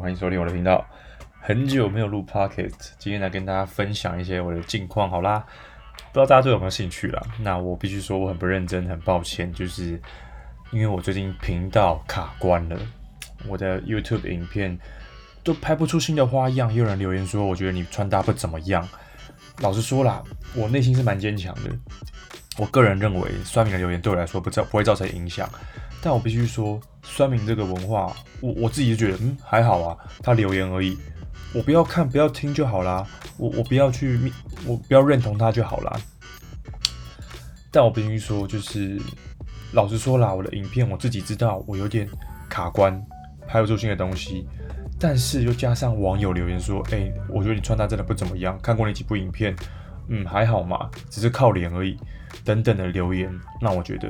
歡迎收聽我的頻道。很久沒有錄 Pocket，今天來跟大家分享一些我的近況，好啦，不知道大家對我有沒有興趣了。那我必須說，我很不認真，很抱歉，就是因為我最近頻道卡關了，我的 YouTube 影片都拍不出新的花樣。也有人留言說，我覺得你穿搭不怎麼樣。老實說啦，我內心是蠻堅強的。我個人認為酸民的留言對我來說不造不會造成影響，但我必須說酸民這個文化，我我自己就覺得嗯，還好啊，他留言而已，我不要看不要聽就好啦，我我不要去我不要認同他就好啦。但我必須說，就是老實說啦，我的影片我自己知道我有點卡關，拍不出新的東西，但是又加上網友留言說，哎、欸，我覺得你穿搭真的不怎麼樣，看過你幾部影片，嗯，還好嘛，只是靠臉而已。等等的留言讓我覺得，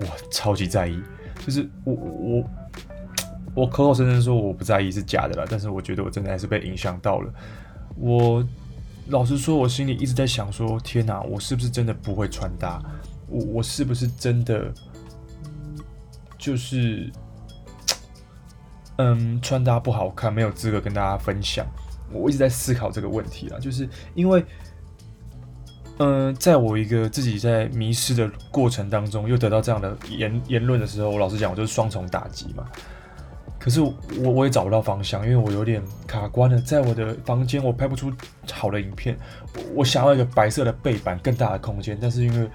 我超級在意。就是我我我口口聲聲說我不在意是假的啦，但是我覺得我真的還是被影響到了。我老實說，我心裡一直在想說：天哪，我是不是真的不會穿搭？我我是不是真的就是嗯，穿搭不好看，沒有資格跟大家分享？我一直在思考這個問題啦，就是因為。嗯，在我一個自己在迷失的過程當中，又得到這樣的言言論的時候，我老實講，我就是雙重打擊嘛。可是我我也找不到方向，因為我有點卡關了。在我的房間，我拍不出好的影片我。我想要一個白色的背板，更大的空間。但是因為，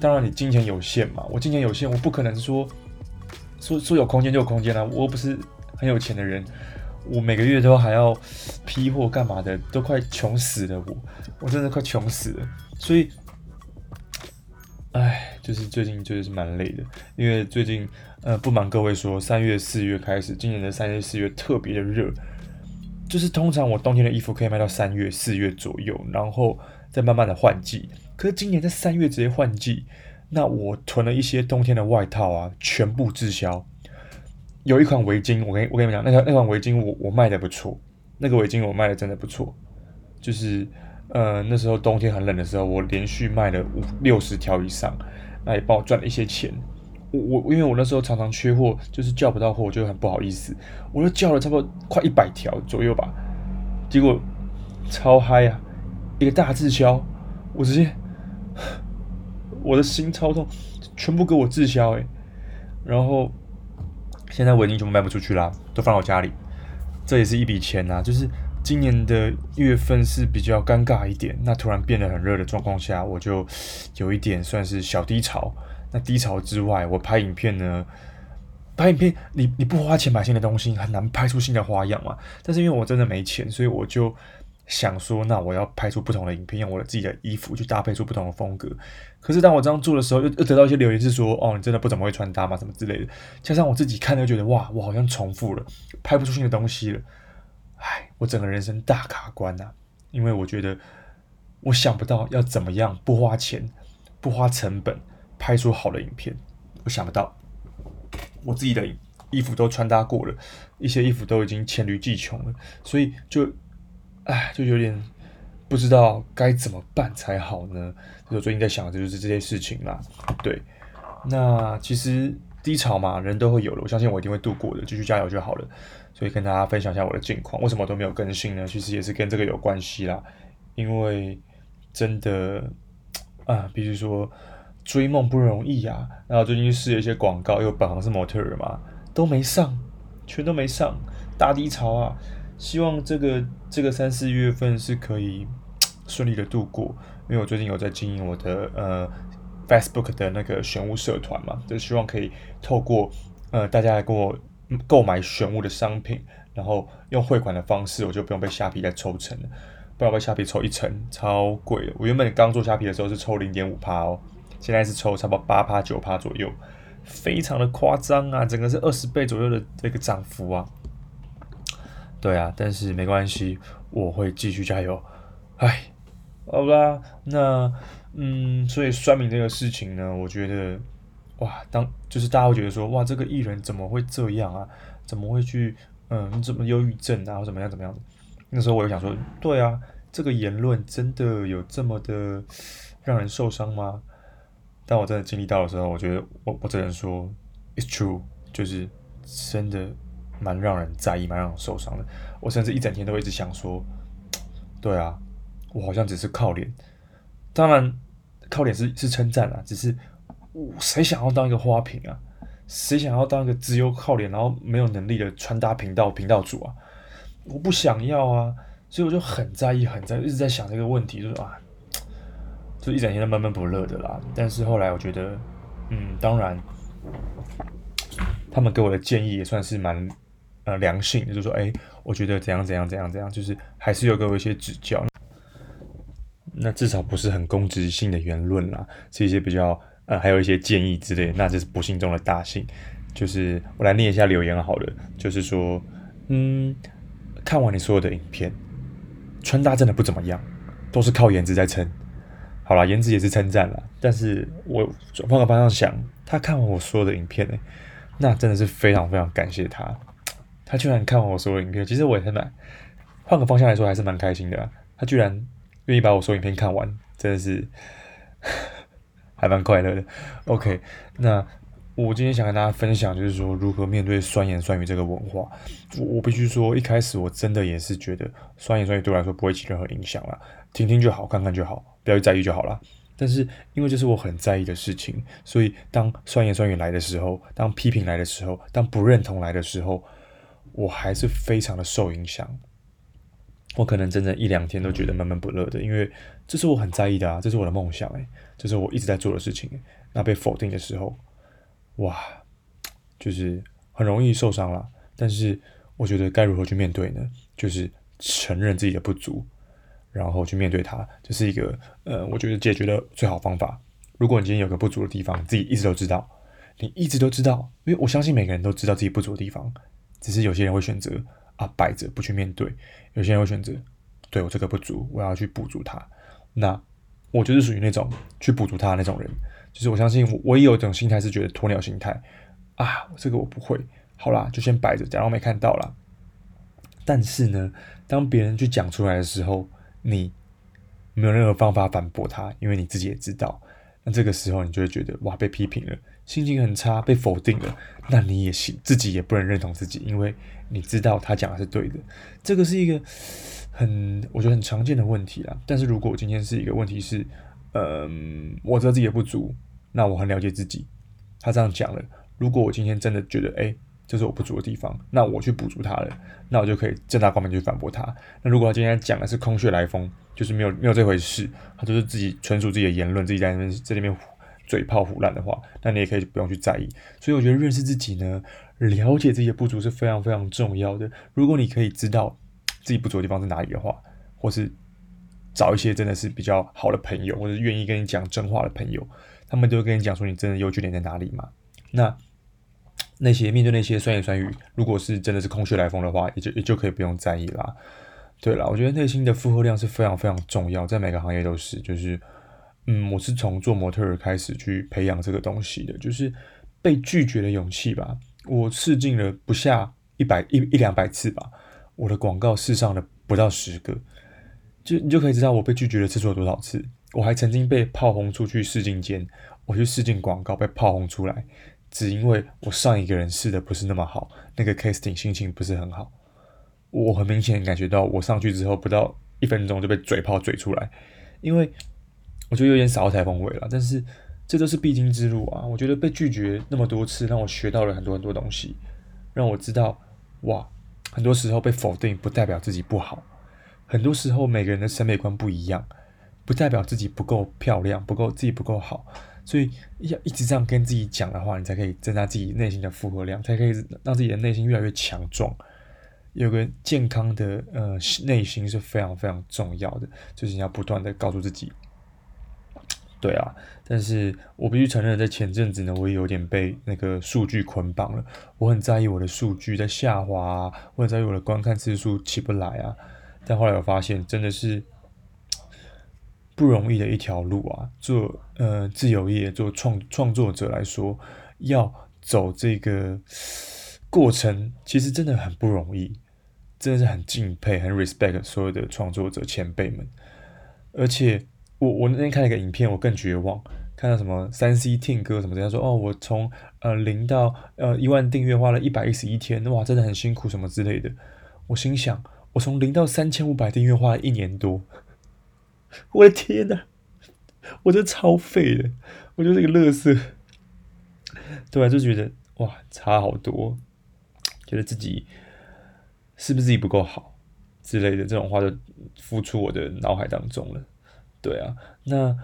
當然你金錢有限嘛，我金錢有限，我不可能說說說有空間就有空間啦、啊。我又不是很有錢的人，我每個月都還要批貨幹嘛的，都快窮死了我。我我真的快窮死了。所以，唉，就是最近就是蠻累的，因為最近，呃，不瞞各位說，三月四月開始，今年的三月四月特別的熱。就是通常我冬天的衣服可以賣到三月四月左右，然後再慢慢的換季。可是今年在三月直接換季，那我囤了一些冬天的外套啊，全部滯銷。有一款圍巾，我跟我跟你們講，那條、個、那款圍巾我，我我賣的不錯，那個圍巾我賣的真的不錯，就是。呃，那時候冬天很冷的時候，我連續賣了五六十條以上，那也幫我賺了一些錢。我我因為我那時候常常缺貨，就是叫不到貨，我就很不好意思。我就叫了差不多快一百條左右吧，結果超嗨啊，一個大滯銷，我直接我的心超痛，全部給我滯銷誒。然後現在我已經全部賣不出去了，都放我家裡，這也是一筆錢吶啊，就是。今年的月份是比較尷尬一點，那突然變得很熱的狀況下，我就有一點算是小低潮。那低潮之外，我拍影片呢，拍影片你你不花錢買新的東西，很難拍出新的花樣嘛。但是因為我真的沒錢，所以我就想說，那我要拍出不同的影片，用我的自己的衣服去搭配出不同的風格。可是當我這樣做的時候，又又得到一些留言是說，哦，你真的不怎麼會穿搭嗎，什麼之類的。加上我自己看就覺得，哇，我好像重複了，拍不出新的東西了。唉，我整個人生大卡關呐、啊，因為我覺得我想不到要怎麼樣不花錢、不花成本拍出好的影片，我想不到。我自己的衣服都穿搭過了，一些衣服都已經黔驢技窮了，所以就唉，就有點不知道該怎麼辦才好呢。所以我最近在想的就是這些事情啦。對，那其實低潮嘛，人都會有的，我相信我一定會度過的，繼續加油就好了。所以跟大家分享一下我的近況，為什麼都沒有更新呢？其實也是跟這個有關係啦，因為真的啊，必須說追夢不容易啊。然後最近試了一些廣告，因為本行是模特兒嘛，都沒上，全都沒上，大低潮啊。希望這個這個三四月份是可以順利的度過，因為我最近有在經營我的呃 Facebook 的那個玄武社團嘛，就是希望可以透過呃大家來跟我購買選物的商品，然後用匯款的方式，我就不用被蝦皮再抽成了。不要被蝦皮抽一成，超貴的。我原本剛做蝦皮的時候是抽零點五趴哦，現在是抽差不多八趴九趴左右，非常的誇張啊！整個是二十倍左右的這個漲幅啊。對啊，但是沒關係，我會繼續加油。哎，好吧，那嗯，所以酸民這個事情呢，我覺得。哇，當就是大家會覺得說，哇，這個藝人怎麼會這樣啊？怎麼會去，嗯，怎麼憂鬱症啊，或怎麼樣，怎麼樣的？那時候我就想說，對啊，這個言論真的有這麼的讓人受傷嗎？但我真的經歷到的時候，我覺得我，我我只能說，it's true，就是真的蠻讓人在意，蠻讓人受傷的。我甚至一整天都一直想說，對啊，我好像只是靠臉，當然靠臉是是稱讚啊，只是。誰想要當一個花瓶啊？誰想要當一個只有靠臉，然後沒有能力的穿搭頻道頻道主啊？我不想要啊！所以我就很在意，很在意，一直在想這個問題，就說啊，就一整天悶悶不樂的啦。但是後來我覺得，嗯，當然，他們給我的建議也算是蠻呃良性的，就，就是說哎，我覺得怎樣怎樣怎樣怎樣，就是還是有給我一些指教。那至少不是很攻擊性的言論啦，是一些比較。呃、嗯，還有一些建議之類，那這是不幸中的大幸。就是我來念一下留言好了，就是說，嗯，看完你所有的影片，穿搭真的不怎麼樣，都是靠顏值在撐。好了，顏值也是稱讚了，但是我換個方向想，他看完我所有的影片呢，欸，那真的是非常非常感謝他。他居然看完我所有的影片，其實我也很蠻。換個方向來說，還是蠻開心的。啊，他居然願意把我所有影片看完，真的是。還蠻快樂的。OK，那我今天想跟大家分享，就是說如何面對酸言酸語這個文化。我,我必須說，一開始我真的也是覺得酸言酸語對我來說不會起任何影響了，聽聽就好，看看就好，不要在意就好了。但是因為這是我很在意的事情，所以當酸言酸語來的時候，當批評來的時候，當不認同來的時候，我還是非常的受影響。我可能真的一兩天都覺得悶悶不樂的，因為這是我很在意的啊，這是我的夢想，欸。這是我一直在做的事情。那被否定的時候，哇，就是很容易受傷了。但是，我覺得該如何去面對呢？就是承認自己的不足，然後去面對它，這是一個呃，我覺得解決的最好方法。如果你今天有個不足的地方，自己一直都知道，你一直都知道，因為我相信每個人都知道自己不足的地方，只是有些人會選擇啊擺着不去面對，有些人會選擇對我這個不足，我要去補足它。那。我就是屬於那種去補足他那種人，就是我相信我，我也有一種心態，是覺得鴕鳥心態啊，這個我不會，好啦，就先擺着，假裝沒看到啦。但是呢，當別人去講出來的時候，你沒有任何方法反駁他，因為你自己也知道。那這個時候，你就會覺得哇，被批評了，心情很差，被否定了，那你也自己也不能認同自己，因為你知道他講的是對的，這個是一個。很，我覺得很常見的問題啦。但是如果我今天是一個問題是，嗯、呃，我知道自己的不足，那我很了解自己。他這樣講了，如果我今天真的覺得，哎、欸，這是我不足的地方，那我去補足它了，那我就可以正大光明去反駁他。那如果他今天講的是空穴來風，就是沒有沒有這回事，他就是自己純屬自己的言論，自己在那邊在那邊嘴炮唬爛的話，那你也可以不用去在意。所以我覺得認識自己呢，了解自己的不足是非常非常重要的。如果你可以知道。自己不足的地方是哪裡的話，或是找一些真的是比較好的朋友，或者願意跟你講真話的朋友，他們就會跟你講說你真的優缺點在哪裡嘛。那那些面對那些酸言酸語，如果是真的是空穴來風的話，也就也就可以不用在意啦。對啦，我覺得內心的負荷量是非常非常重要，在每個行業都是。就是嗯，我是從做模特開始去培養這個東西的，就是被拒絕的勇氣吧。我試鏡了不下一百一一兩百次吧。我的廣告試上了不到十個，就你就可以知道我被拒絕了次數有多少次。我還曾經被炮轟出去試鏡間，我去試鏡廣告被炮轟出來，只因為我上一個人試的不是那麼好，那個 casting 心情不是很好。我很明顯感覺到我上去之後不到一分鐘就被嘴炮嘴出來，因為我就有點少台風味了。但是這都是必經之路啊！我覺得被拒絕那麼多次，讓我學到了很多很多東西，讓我知道，哇。很多時候被否定不代表自己不好，很多時候每個人的審美觀不一樣，不代表自己不夠漂亮，不夠自己不夠好。所以要一直這樣跟自己講的話，你才可以增加自己內心的負荷量，才可以讓自己的內心越來越強壯。有個健康的呃內心是非常非常重要的，就是你要不斷的告訴自己。對啊，但是我必須承認，在前陣子呢，我也有點被那個數據捆綁了。我很在意我的數據在下滑啊，我很在意我的觀看次數起不來啊。但後來我發現，真的是不容易的一條路啊。做呃自由業，做創創作者來說，要走這個過程，其實真的很不容易。真的是很敬佩，很 respect 所有的創作者前輩們，而且。我我那天看了一個影片，我更絕望。看到什麼三 C Tim 哥什麼的，人家說：“哦，我從呃零到呃一萬訂閱花了一百一十一天，哇，真的很辛苦什麼之類的。”我心想：“我從零到三千五百訂閱花了一年多，我的天哪、啊，我真的超廢的，我就是一個樂色。”對，就覺得哇，差好多，覺得自己是不是自己不夠好之類的這種話就浮出我的腦海當中了。對啊，那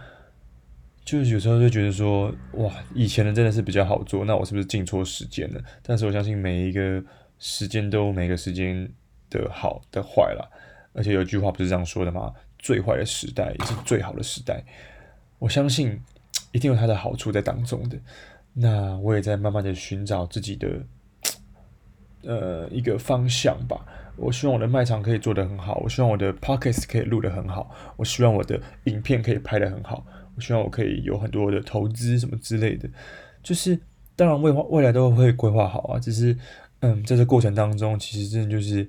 就是有時候就覺得說，哇，以前的真的是比較好做，那我是不是進錯時間了？但是我相信每一個時間都每個時間的好的壞，啦，而且有一句話不是這樣說的嗎？最壞的時代也是最好的時代，我相信一定有它的好處在當中的。那我也在慢慢的尋找自己的呃一個方向吧。我希望我的賣場可以做得很好，我希望我的 podcast 可以錄得很好，我希望我的影片可以拍得很好，我希望我可以有很多的投資什麼之類的。就是當然未未來都會規劃好啊，只是嗯，在這過程當中，其實真的就是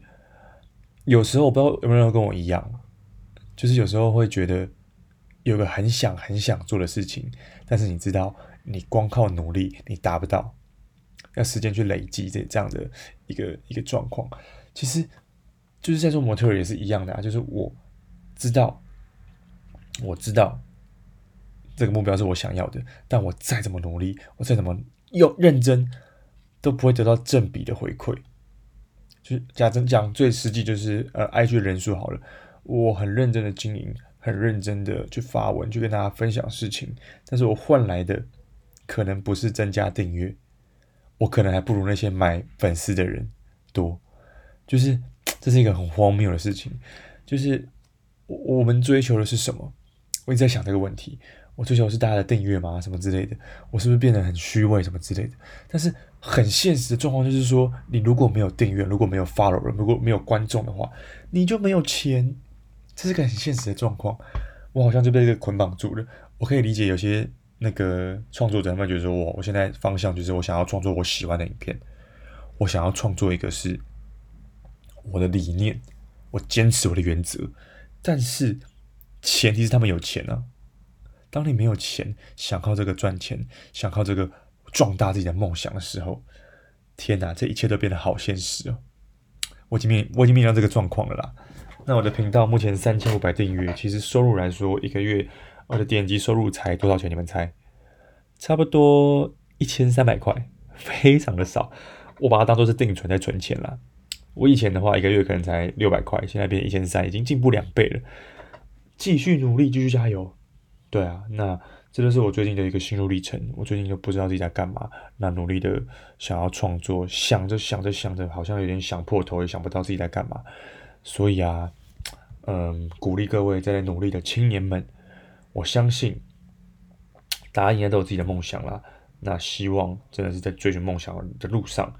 有時候我不知道有沒有人跟我一樣，就是有時候會覺得有個很想很想做的事情，但是你知道，你光靠努力你達不到，要時間去累積這這樣的一個一個狀況。其實，就是在做模特也是一樣的啊。就是我知道，我知道這個目標是我想要的，但我再怎麼努力，我再怎麼用，認真，都不會得到正比的回饋。就是假正講最實際，就是呃，IG 人數好了，我很認真的經營，很認真的去發文，去跟大家分享事情，但是我換來的可能不是增加訂閱，我可能還不如那些買粉絲的人多。就是這是一個很荒謬的事情，就是我我們追求的是什麼？我一直在想這個問題。我追求的是大家的訂閱嗎？什麼之類的？我是不是變得很虛偽什麼之類的？但是很現實的狀況就是說，你如果沒有訂閱，如果沒有 follow 人，如果沒有觀眾的話，你就沒有錢。這是個很現實的狀況。我好像就被這個捆綁住了。我可以理解有些那個創作者，他們覺得說，我我現在方向就是我想要創作我喜歡的影片，我想要創作一個是。我的理念，我堅持我的原則，但是前提是他們有錢啊。當你沒有錢，想靠這個賺錢，想靠這個壯大自己的夢想的時候，天哪，這一切都變得好現實哦。我已經面我已經面臨到這個狀況了啦。那我的頻道目前三千五百訂閱，其實收入來說，一個月我的點擊收入才多少錢？你們猜？差不多一千三百塊，非常的少。我把它當做是定存，在存錢啦。我以前的話，一個月可能才六百塊，現在變一千三，已經進步兩倍了。繼續努力，繼續加油。對啊，那這就是我最近的一個心路歷程。我最近就不知道自己在幹嘛，那努力的想要創作，想着想着想着，好像有點想破頭，也想不到自己在幹嘛。所以啊，嗯，鼓勵各位在努力的青年們，我相信大家應該都有自己的夢想啦。那希望真的是在追尋夢想的路上，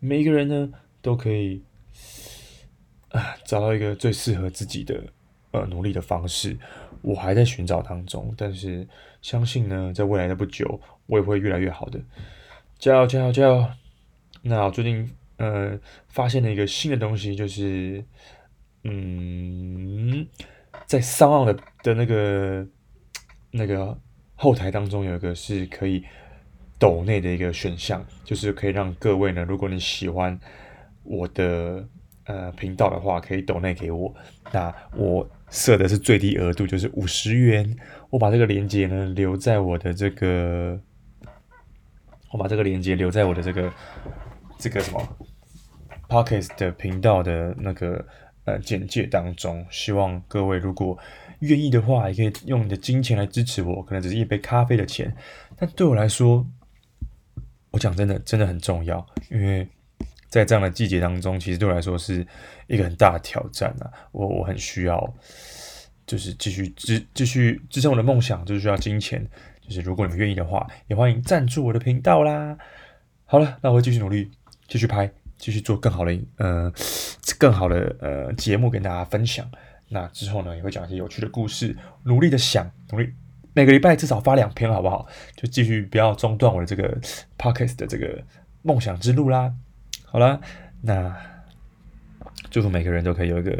每一個人呢都可以。找到一個最適合自己的呃努力的方式，我還在尋找當中，但是相信呢，在未來的不久，我也會越來越好的。加油加油加油！那我最近呃發現了一個新的東西，就是嗯，在 SoundOn 的的那個那個後台當中，有一個是可以抖內的一個選項，就是可以讓各位呢，如果你喜歡我的。呃，頻道的話可以抖內給我，那我設的是最低額度就是五十元，我把這個鏈接呢留在我的這個，我把這個鏈接留在我的這個這個什麼 Podcast 的頻道的那個呃簡介當中，希望各位如果願意的話，也可以用你的金錢來支持我，可能只是一杯咖啡的錢，但對我來說，我講真的真的很重要，因為。在這樣的季節當中，其實對我來說是一個很大的挑戰啊！我我很需要，就是繼續支繼續支撐我的夢想，就是需要金錢。就是如果你們願意的話，也歡迎贊助我的頻道啦。好了，那我會繼續努力，繼續拍，繼續做更好的呃更好的呃節目跟大家分享。那之後呢，也會講一些有趣的故事，努力的想努力每個禮拜至少發兩篇，好不好？就繼續不要中斷我的這個 Podcast 的這個夢想之路啦。好啦，那祝福每個人都可以有一個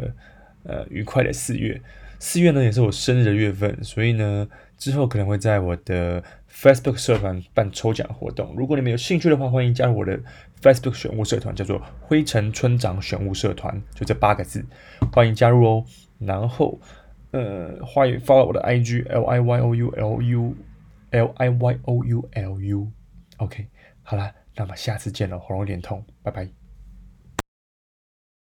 呃愉快的四月。四月呢也是我生日的月份，所以呢之後可能會在我的 Facebook 社團辦抽獎活動。如果你們有興趣的話，歡迎加入我的 Facebook 選物社團，叫做“灰塵村長選物社團”，就這八個字，歡迎加入哦。然後呃，歡迎 follow 我的 IG L I Y O U L U L I Y O U L U，OK，okay，好啦。那麼下次見了，喉嚨有點痛，拜拜。